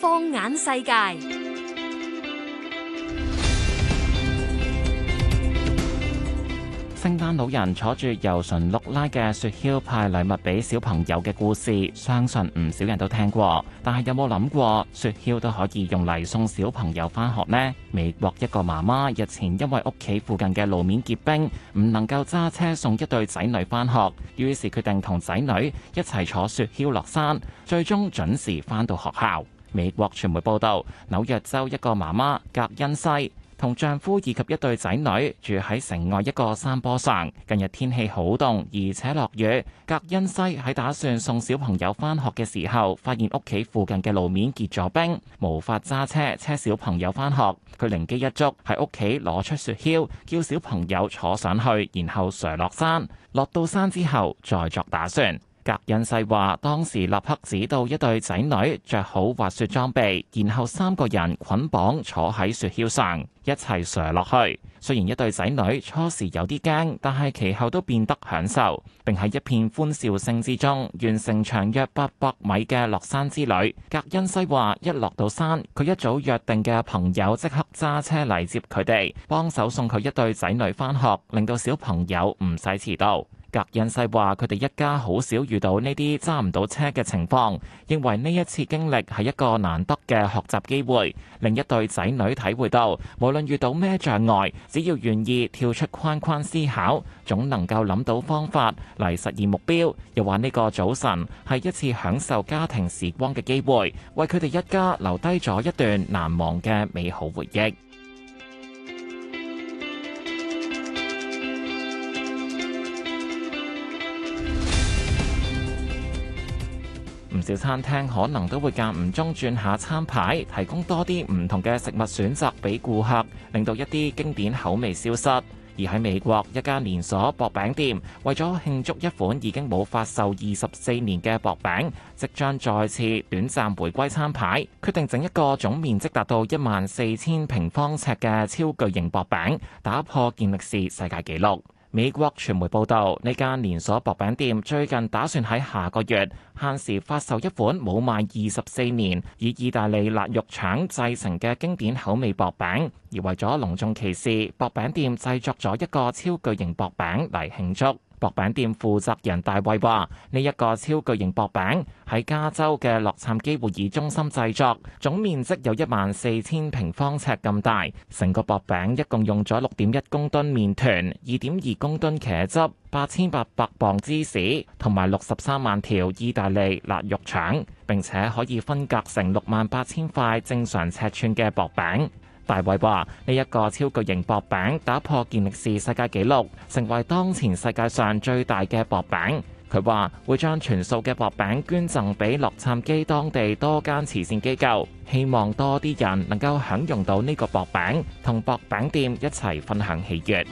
放眼世界。聖誕老人坐住由馴鹿拉嘅雪橇派禮物俾小朋友嘅故事，相信唔少人都聽過。但係有冇諗過，雪橇都可以用嚟送小朋友翻學呢？美國一個媽媽日前因為屋企附近嘅路面結冰，唔能夠揸車送一對仔女翻學，於是決定同仔女一齊坐雪橇落山，最終準時翻到學校。美國傳媒報道，紐約州一個媽媽格恩西。同丈夫以及一對仔女住喺城外一個山坡上。近日天氣好凍，而且落雨。格恩西喺打算送小朋友返學嘅時候，發現屋企附近嘅路面結咗冰，無法揸車車小朋友返學。佢靈機一觸，喺屋企攞出雪橇，叫小朋友坐上去，然後垂落山。落到山之後，再作打算。格恩西話：當時立刻指導一對仔女着好滑雪裝備，然後三個人捆綁坐喺雪橇上，一齊瀡落去。雖然一對仔女初時有啲驚，但係其後都變得享受，並喺一片歡笑聲之中完成長約八百米嘅落山之旅。格恩西話：一落到山，佢一早約定嘅朋友即刻揸車嚟接佢哋，幫手送佢一對仔女返學，令到小朋友唔使遲到。格恩世話：佢哋一家好少遇到呢啲揸唔到車嘅情況，認為呢一次經歷係一個難得嘅學習機會，令一對仔女體會到，無論遇到咩障礙，只要願意跳出框框思考，總能夠諗到方法嚟實現目標。又話呢個早晨係一次享受家庭時光嘅機會，為佢哋一家留低咗一段難忘嘅美好回憶。小餐廳可能都會間唔中轉下餐牌，提供多啲唔同嘅食物選擇俾顧客，令到一啲經典口味消失。而喺美國，一家連鎖薄餅店為咗慶祝一款已經冇發售二十四年嘅薄餅，即將再次短暫回歸餐牌，決定整一個總面積達到一萬四千平方尺嘅超巨型薄餅，打破健力士世界紀錄。美國傳媒報導，呢間連鎖薄餅店最近打算喺下個月限時發售一款冇賣二十四年、以意大利辣肉腸製成嘅經典口味薄餅，而為咗隆重其事，薄餅店製作咗一個超巨型薄餅嚟慶祝。薄餅店負責人大衛話：呢、這、一個超巨型薄餅喺加州嘅洛杉磯會議中心製作，總面積有一萬四千平方尺咁大。成個薄餅一共用咗六點一公噸麵團、二點二公噸茄汁、八千八百磅芝士同埋六十三萬條意大利辣肉腸，並且可以分隔成六萬八千塊正常尺寸嘅薄餅。大衛話：呢、這、一個超巨型薄餅打破健力士世界紀錄，成為當前世界上最大嘅薄餅。佢話會將全數嘅薄餅捐贈俾洛杉磯當地多間慈善機構，希望多啲人能夠享用到呢個薄餅，同薄餅店一齊分享喜悅。